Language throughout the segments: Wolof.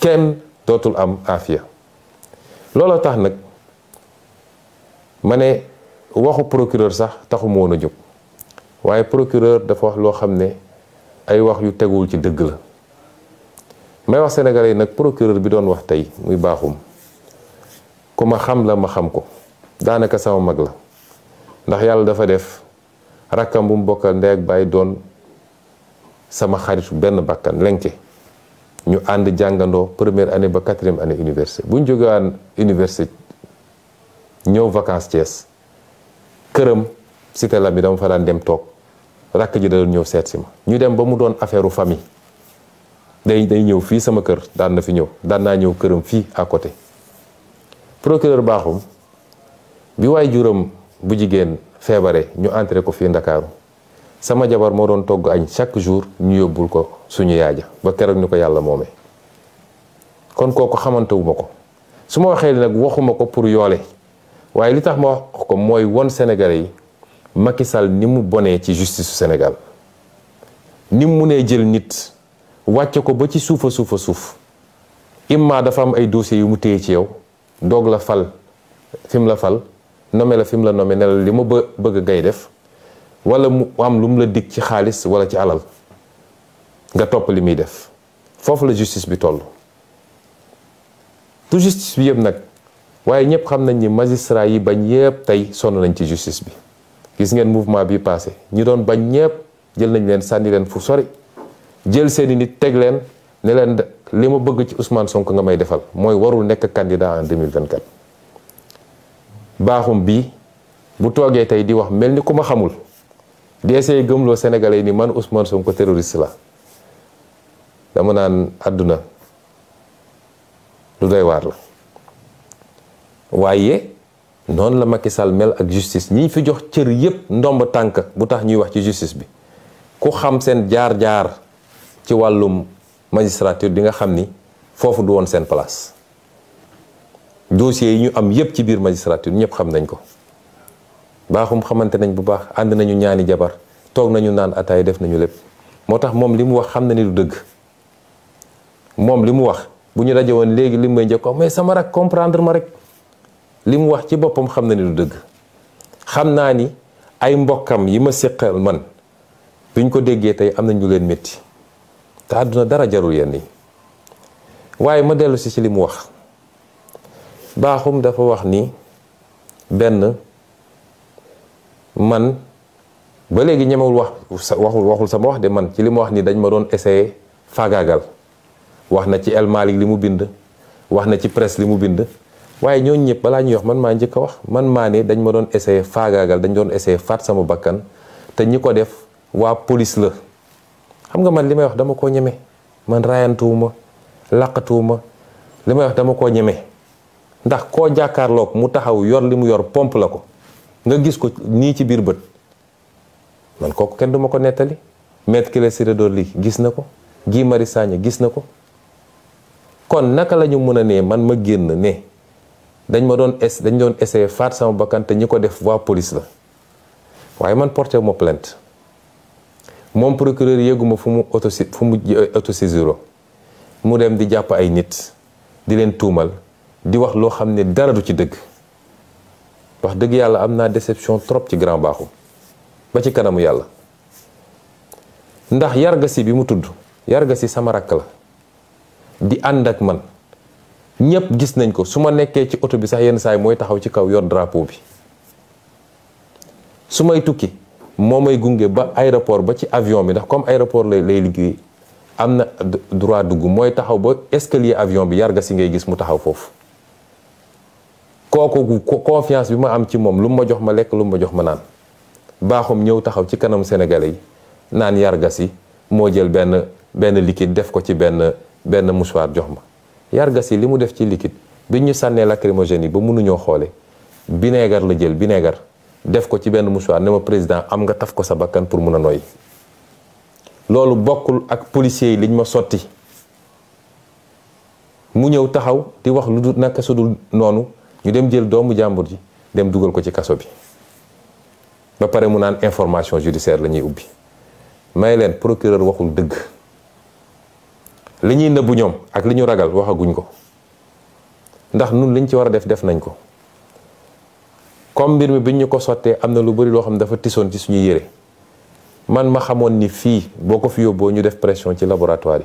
kenn dootul am aafiya looloo tax nag ma ne waxu procureur sax taxu woon a jóg waaye procureur dafa wax loo xam ne ay wax yu teguwul ci dëgg la may wax sénégalais yi nag procureur bi doon wax tey muy baaxum ku ma xam la ma xam ko daanaka sama mag la ndax yàlla dafa def rakkam bu mu bokkal ndey ak bàyyi doon sama xarit benn bakkan lenke ñu ànd jàngandoo première année ba quatrième année université bu ñu jógewaan université ñëw vacances Thiès këram cité la bi dama fa daan dem toog rakk ji da doon ñëw seet si ma ñu dem ba mu doon affaire famille day day ñëw fii sama kër daan na fi ñëw daan naa ñëw këram fii à côté procureur baaxum bi waaye juram bu jigéen feebare ñu entré ko fii Ndakaaru sama jabar moo doon togg añ chaque jour ñu yóbbul ko suñu yaaja ba keroog ni ko yàlla moome kon kooku xamantewuma ko su ma waxee nag waxuma ko pour yoole waaye li tax ma wax ko mooy won Sénégalais yi Macky Sall ni mu bonee ci justice senegal ni mu munee jël nit wàcce ko ba ci suufa suufa suuf imma dafa am ay dossiers yu mu téye ci yow doog la fal fi mu la fal nommé la fi mu la nommé ne li ma bë bëgg ngay def wala mu am lu mu la dig ci xaalis wala ci alal nga topp li muy def foofu la justice bi toll du justice bi yëpp nag waaye ñëpp xam nañ ni magistrat yi bañ yëpp tey sonn nañ ci justice bi gis ngeen mouvement bi passé ñi doon bañ ñëpp jël nañ leen sànni leen fu sori jël seeni nit teg leen ne leen li ma bëgg ci Ousmane Sonko nga may defal mooy warul nekk candidat en 2024 baaxum bii bu toogee tey di wax mel ni ku ma xamul di essayer gëmloo Sénégalais yi ni man Ousmane ko terroriste la dama naan àdduna lu doy waar la waaye noonu la Macky Sall mel ak justice ñi fi jox cër yépp ndomb tànk bu tax ñuy wax ci justice bi ku xam seen jaar-jaar ci wàllum magistrature di nga xam ni foofu du woon seen place dossier yi ñu am yépp ci biir magistrature ñëpp xam nañ ko baaxum xamante nañ bu baax ànd nañu ñaani jabar toog nañu naan ataay def nañu lépp moo tax moom li mu wax xam na ni du dëgg moom li mu wax bu ñu daje woon léegi li may njëkkoon mais sama ma rek li mu wax ci boppam xam na ni dëgg xam naa ni ay mbokkam yi ma séqal man buñ ko déggee tey am nañ lu leen métti te àdduna dara jarul yenn yi waaye ma dellu si li mu wax baaxum dafa wax ni benn man ba léegi ñemewul wax waxul waxul sama wax de man ci li ma wax nii dañ ma doon essayer faagaagal wax na ci El li mu bind wax na ci presse li mu bind waaye ñooñu ñëpp balaa ñuy wax man maa njëkk a wax man maa ne dañ ma doon essayer faagaagal dañ doon essayer faat sama bakkan te ñi ko def waa police la xam nga man li may wax dama koo ñeme man raayantuwuma làqatuwuma li may wax dama koo ñeme ndax koo jàkkaarlook mu taxaw yor li mu yor pompe la ko nga gis ko nii ci biir bët man kooku kenn du ma ko nettali maître Ciré Clédor li gis na ko giimari Marius gis na ko kon naka lañu mën a ne man ma génn ne dañ ma doon es dañ doon ese faat sama bakkan te ñi ko def waa police la waaye man porté ma plainte moom procureur yéeguma fu mu auto fu mu euh, autosaisiro mu dem di jàpp ay nit di leen tuumal di wax loo xam ne dara du ci dëgg wax dëgg yàlla am naa déception trop ci grand baaxu ba ci kanamu yàlla ndax yargasi bi mu tudd yarga si sama rakk la di ànd ak man ñëpp gis nañ ko su ma nekkee ci oto bi sax yenn saay mooy taxaw ci kaw yor drapeau bi su may tukki moo may gunge ba aéroport ba ci avion bi ndax comme aéroport lay lay liggéey am na droit dugg mooy taxaw ba escalier avion bi yarga si ngay gis mu taxaw foofu kooku confiance bi ma am ci moom lu ma jox ma lekk lu ma jox ma naan baaxum ñëw taxaw ci kanamu Sénégalais yi naan yargas yi moo jël benn benn liquide def ko ci benn benn mouchoir jox ma yargas yi li mu def ci liquide bi ñu sànnee lacrymogène yi ba mënuñoo xoole bineegar la jël bineegar def ko ci benn mouchoir ne ma président am nga taf ko sa bakkan pour mun a noyyi loolu bokkul ak policiers yi liñ ma sotti mu ñëw taxaw di wax lu dul naka sudul noonu ñu dem jël doomu jàmbur ji dem dugal ko ci kaso bi ba pare mu naan information judiciaire lañuy ñuy ubbi may leen procureur waxul dëgg li ñuy nëbbu ñoom ak li ñu ragal waxaguñ ko ndax nun liñ ci war a def def nañ ko comme mbir mi biñ ñu ko sottee am na lu bari loo xam ne dafa tisoon ci suñu yére man ma xamoon ni fii boo ko fi yóbboo ñu def pression ci laboratoire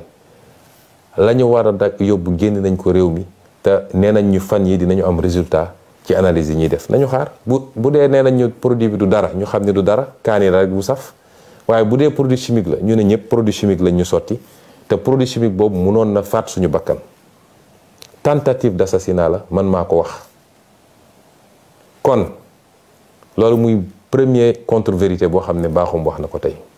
yi la war a dag yóbbu génn nañ ko réew mi te nee nañ ñu fan yi dinañu am résultat ci analyse yi ñuy def nañu xaar bu bu dee nee nañ ñu produit bi du dara ñu xam ne du dara kaani la rek bu saf waaye bu dee produit chimique la ñu ne ñëpp produit chimique lañ ñu sotti te produit chimique boobu mënoon na faat suñu bakkan tentative d'assassinat la man maa ko wax kon loolu muy premier contre vérité boo xam ne baaxum wax na ko tey